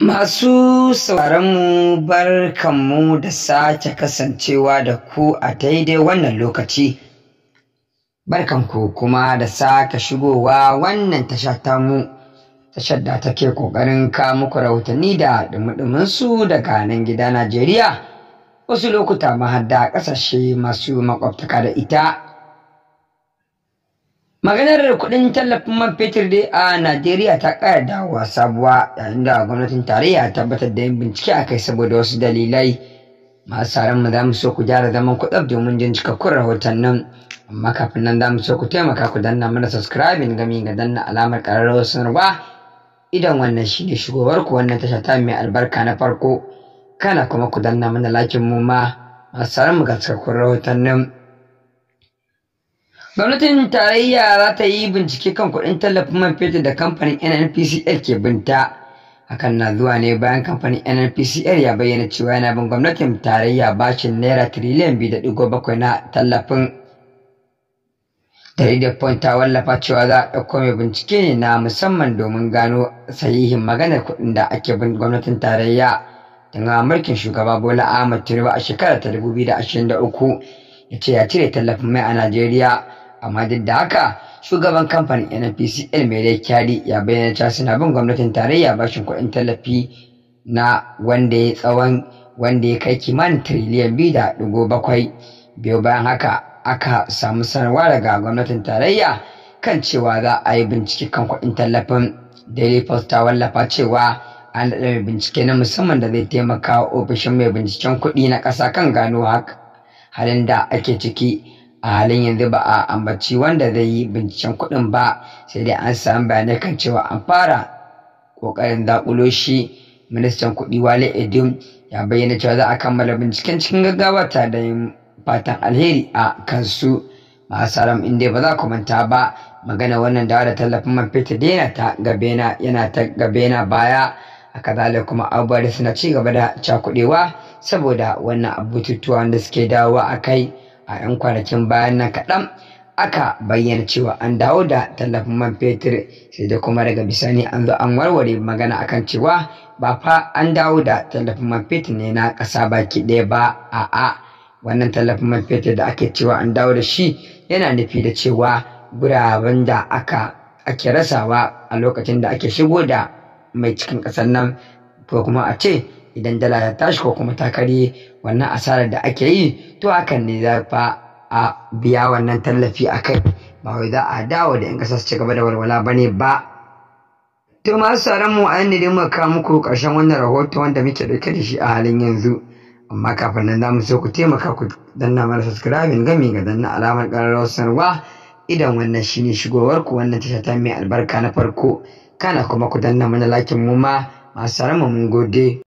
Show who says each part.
Speaker 1: Masu bar barkanmu da sake kasancewa da ku a daidai wannan lokaci. Barkanku kuma da sake shigowa wannan tasha mu, tashar da take ƙoƙarin muku rahotanni da dumudumunsu daga nan gida Najeriya, wasu lokuta ma da ƙasashe masu makwabtaka da ita. maganar kuɗin tallafin man fetur dai a najeriya ta kara dawowa sabuwa yayin da gwamnatin tarayya ta tabbatar da yin bincike a kai saboda wasu dalilai masu tsaron mu za mu so ku gyara zaman kuɗaf domin jin cikakkun rahoton nan amma kafin nan za mu so ku taimaka ku danna mana subscribing gami ga danna alamar ƙararrawar sanarwa idan wannan shine shigowar ku wannan tasha ta mai albarka na farko kana kuma ku danna mana lakin mu ma masu tsaron mu ga cikakkun rahoton nan gwamnatin tarayya za ta yi bincike kan kuɗin tallafin man fetur da kamfanin nnpcl ke binta hakan na zuwa ne bayan kamfanin nnpcl ya bayyana cewa yana bin gwamnatin tarayya bashin naira tiriliyan biyu da digo bakwai na tallafin da point ta wallafa cewa za a ɗauko mai bincike ne na musamman domin gano sahihin maganar kuɗin da ake bin gwamnatin tarayya daga mulkin shugaba bola ahmad tinubu a shekarar ta 2023 ya ce ya cire tallafin mai a najeriya amma duk da haka shugaban kamfanin nnpcl mai rai kyari ya bayyana cewa suna bin gwamnatin tarayya bashin kuɗin tallafi na wanda ya tsawon wanda ya kai kimanin tiriliyan biyu da ɗigo bakwai biyu bayan haka aka samu sanarwa daga gwamnatin tarayya kan cewa za a yi bincike kan kuɗin tallafin daily post ta wallafa cewa an naɗa mai bincike na musamman da zai taimaka wa ofishin mai binciken kuɗi na ƙasa kan gano halin da ake ciki a halin yanzu ba a ambaci wanda zai yi binciken kuɗin ba sai dai an samu bayanai kan cewa an fara ƙoƙarin zaƙulo shi ministan kuɗi wale edun ya bayyana cewa za a kammala binciken cikin gaggawa tare da yin fatan alheri a kansu masu haram inda ba za ku manta ba magana wannan dawa da tallafin man fetur yana ta gabena yana ta gabena baya a kazalika kuma abubuwa da suna ci gaba da cakuɗewa saboda wannan abututuwa da suke dawowa a kai. a 'yan kwanakin bayan nan kaɗan aka bayyana cewa an dawo da tallafin man fetur sai dai kuma daga bisani an zo an warware magana akan cewa ba fa an dawo da tallafin man fetur ne na ƙasa baki ɗaya ba a'a wannan tallafin man fetur da ake cewa an dawo da shi yana nufi da cewa guraben da aka ake rasawa a lokacin da ake shigo da mai cikin ƙasar nan ko kuma a ce idan dala ta tashi ko kuma takari wannan asarar da ake yi to hakan ne za fa a biya wannan tallafi a kai ba wai za a dawo da 'yan ƙasa su ci gaba da walwala ba ne ba to masu sauran mu a yanda muka kawo muku ƙarshen wannan rahoto wanda muke ɗauke da shi a halin yanzu amma kafin nan za mu so ku taimaka ku danna mana subscribing gami ga danna alamar ƙararrawar sanarwa idan wannan shine shigowar ku wannan tasha ta mai albarka na farko kana kuma ku danna mana lakin mu ma masu sauran mu mun gode